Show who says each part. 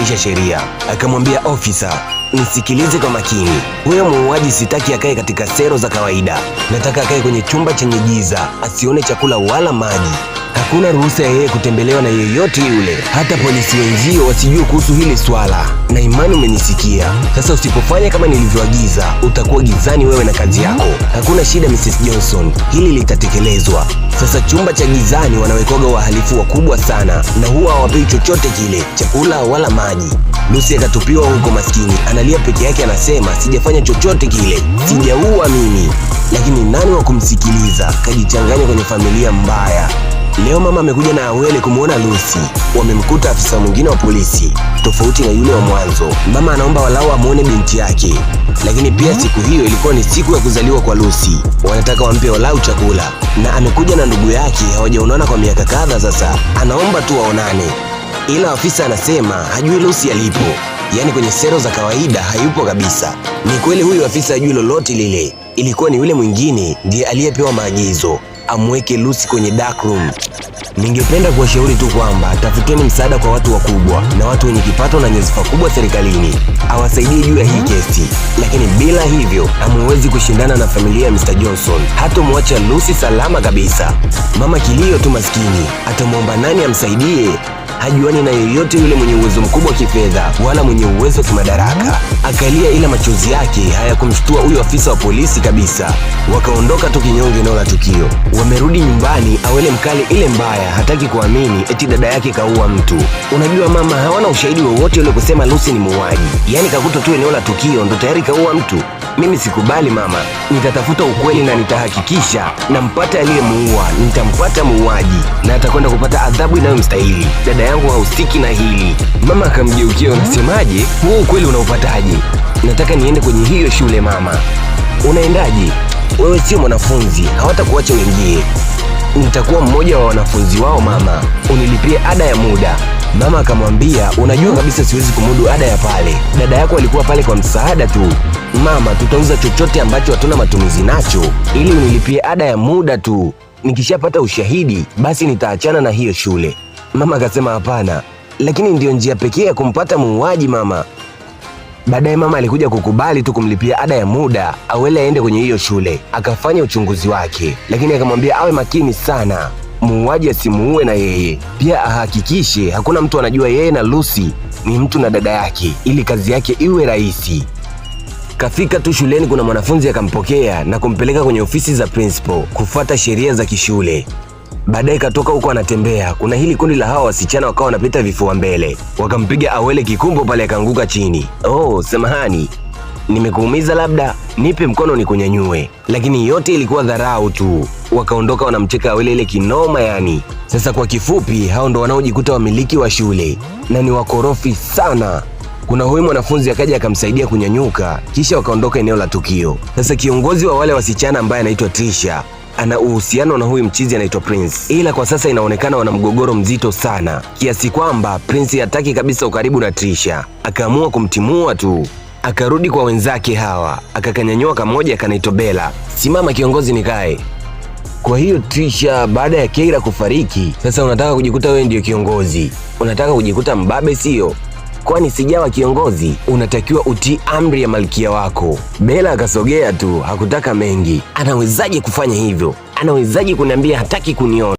Speaker 1: kurekebisha sheria. Akamwambia ofisa, nisikilize kwa makini, huyo muuaji sitaki akae katika sero za kawaida, nataka akae kwenye chumba chenye giza, asione chakula wala maji. Hakuna ruhusa ya yeye kutembelewa na yeyote yule, hata polisi wenzio wasijue kuhusu hili swala. Na imani umenisikia. Sasa usipofanya kama nilivyoagiza, utakuwa gizani wewe na kazi yako. Hakuna shida, Mrs Johnson, hili litatekelezwa. Sasa chumba cha gizani wanawekoga wahalifu wakubwa sana, na huwa hawapewi chochote kile, chakula wala maji. Lucy akatupiwa huko, maskini analia peke yake, anasema sijafanya chochote kile, sijaua mimi. Lakini nani wa kumsikiliza? Kajichanganya kwenye familia mbaya. Leo mama amekuja na Awele kumwona Lucy. Wamemkuta afisa mwingine wa polisi tofauti na yule wa mwanzo. Mama anaomba walau amwone binti yake, lakini pia siku hiyo ilikuwa ni siku ya kuzaliwa kwa Lucy, wanataka wampe walau chakula, na amekuja na ndugu yake, hawajaonana kwa miaka kadha sasa, anaomba tu waonane, ila afisa anasema hajui Lucy alipo, yaani kwenye sero za kawaida hayupo kabisa. Ni kweli huyu afisa hajui lolote lile, ilikuwa ni yule mwingine ndiye aliyepewa maagizo amweke Lucy kwenye dark room. Ningependa kuwashauri tu kwamba tafuteni msaada kwa watu wakubwa na watu wenye kipato na nyadhifa kubwa serikalini, awasaidie juu ya hii kesi, lakini bila hivyo hamuwezi kushindana na familia ya Mr. Johnson. Hatomwacha Lucy salama kabisa. Mama kilio tu maskini, atamwomba nani amsaidie? hajuani na yeyote yule mwenye uwezo mkubwa wa kifedha wala mwenye uwezo wa kimadaraka. Akalia, ila machozi yake hayakumshtua huyo afisa wa polisi kabisa. Wakaondoka tu kinyonge eneo la tukio. Wamerudi nyumbani, Awele mkali ile mbaya hataki kuamini eti dada yake kaua mtu. Unajua mama, hawana ushahidi wowote ule kusema Lucy ni muuaji, yaani kakuta tu eneo la tukio ndo tayari kaua mtu. Mimi sikubali mama, nitatafuta ukweli na nitahakikisha nampata aliyemuua, nitampata muuaji na atakwenda kupata adhabu inayomstahili dada dada yangu hausiki na hili. Mama akamgeukia, unasemaje? Huo ukweli unaupataje? Nataka niende kwenye hiyo shule. Mama, unaendaje? Wewe sio mwanafunzi, hawatakuacha uingie. Nitakuwa mmoja wa wanafunzi wao. Mama, unilipie ada ya muda. Mama akamwambia, unajua kabisa siwezi kumudu ada ya pale. Dada yako alikuwa pale kwa msaada tu. Mama, tutauza chochote ambacho hatuna matumizi nacho ili unilipie ada ya muda tu. Nikishapata ushahidi, basi nitaachana na hiyo shule. Mama akasema hapana, lakini ndiyo njia pekee ya kumpata muuaji mama. Baadaye mama alikuja kukubali tu kumlipia ada ya muda awele aende kwenye hiyo shule akafanya uchunguzi wake, lakini akamwambia awe makini sana, muuaji asimuue na yeye pia, ahakikishe hakuna mtu anajua yeye na Lucy ni mtu na dada yake, ili kazi yake iwe rahisi. Kafika tu shuleni, kuna mwanafunzi akampokea na kumpeleka kwenye ofisi za principal kufuata sheria za kishule. Baadaye katoka huko anatembea, kuna hili kundi la hawa wasichana wakawa wanapita vifua mbele, wakampiga Awele kikumbo pale akaanguka chini. Oh, samahani nimekuumiza, labda nipe mkono nikunyanyue. Lakini yote ilikuwa dharau tu, wakaondoka wanamcheka Awele ile kinoma yani. Sasa kwa kifupi, hao ndo wanaojikuta wamiliki wa shule na ni wakorofi sana. Kuna huyu mwanafunzi akaja akamsaidia kunyanyuka, kisha wakaondoka eneo la tukio. Sasa kiongozi wa wale wasichana ambaye anaitwa Trisha ana uhusiano na huyu mchizi anaitwa Prince, ila kwa sasa inaonekana wana mgogoro mzito sana kiasi kwamba Prince hataki kabisa ukaribu na Trisha, akaamua kumtimua tu. Akarudi kwa wenzake hawa, akakanyanyua kamoja kanaitwa Bella. Simama kiongozi, nikae. Kwa hiyo Trisha, baada ya Keira kufariki, sasa unataka kujikuta wewe ndiyo kiongozi? Unataka kujikuta mbabe, sio kwani sijawa kiongozi, unatakiwa utii amri ya malkia wako. Bela akasogea tu, hakutaka mengi. Anawezaje kufanya hivyo? Anawezaje kuniambia hataki kuniona?